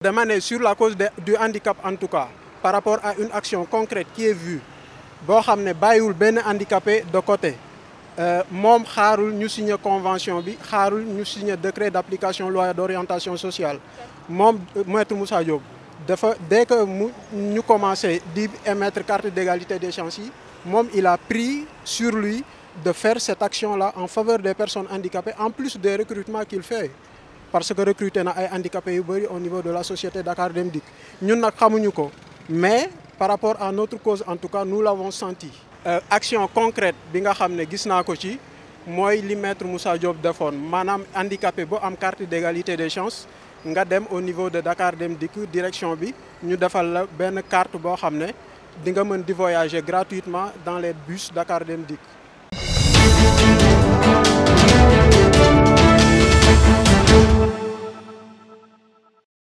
de sur la cause du handicap en tout cas, par rapport à une action concrète qui est vue. il y a handicapé de côté euh, Mom harul ñu signer convention harul nous signe décret d'application loi d'orientation sociale euh, Moussa Diop dès que nous commencé à émettre carte d'égalité des chances il a pris sur lui de faire cette action là en faveur des personnes handicapées en plus des recrutements qu'il fait parce que recruter na ay handicapés au niveau de la société Dakar Demdik, nous ñun nak xamuñu ko mais par rapport à notre cause en tout cas nous l'avons senti euh, action concrète bi nga xamné ne gis naa ko ci moy li maître Moussa Diop defoon manam handicapé bo am carte d'égalité des chances nga dem au niveau de Dakar Dem Dikk direction bi ñu defal la ben carte bo xamné di nga voyager gratuitement dans les bus Dakar Dem